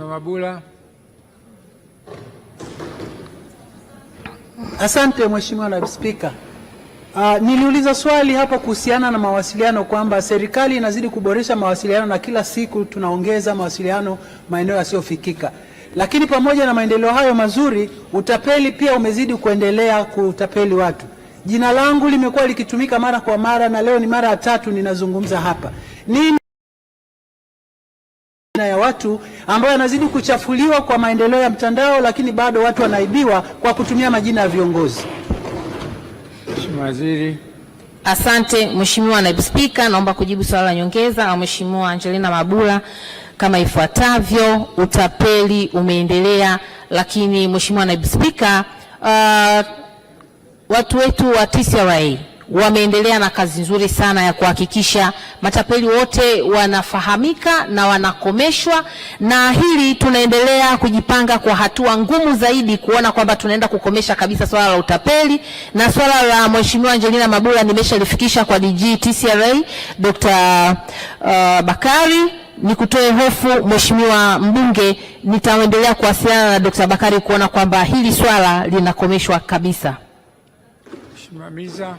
Mheshimiwa Mabula. Asante Mheshimiwa Naibu Spika. Uh, niliuliza swali hapa kuhusiana na mawasiliano kwamba serikali inazidi kuboresha mawasiliano na kila siku tunaongeza mawasiliano maeneo yasiyofikika. Lakini pamoja na maendeleo hayo mazuri, utapeli pia umezidi kuendelea kutapeli watu. Jina langu limekuwa likitumika mara kwa mara na leo ni mara ya tatu ninazungumza hapa. Nini watu ambayo yanazidi kuchafuliwa kwa maendeleo ya mtandao, lakini bado watu wanaibiwa kwa kutumia majina ya viongozi. Mheshimiwa Waziri. Asante Mheshimiwa Naibu Spika, naomba kujibu swali la nyongeza la Mheshimiwa Angelina Mabula kama ifuatavyo. Utapeli umeendelea, lakini Mheshimiwa Naibu Spika, uh, watu wetu wa TCRA wameendelea na kazi nzuri sana ya kuhakikisha matapeli wote wanafahamika na wanakomeshwa, na hili tunaendelea kujipanga kwa hatua ngumu zaidi kuona kwamba tunaenda kukomesha kabisa swala la utapeli, na swala la Mheshimiwa Angelina Mabula nimeshalifikisha kwa DG TCRA Dr. uh, Bakari ni kutoe hofu Mheshimiwa Mbunge, nitaendelea kuwasiliana na Dr. Bakari kuona kwamba hili swala linakomeshwa kabisa. Mheshimiwa Miza.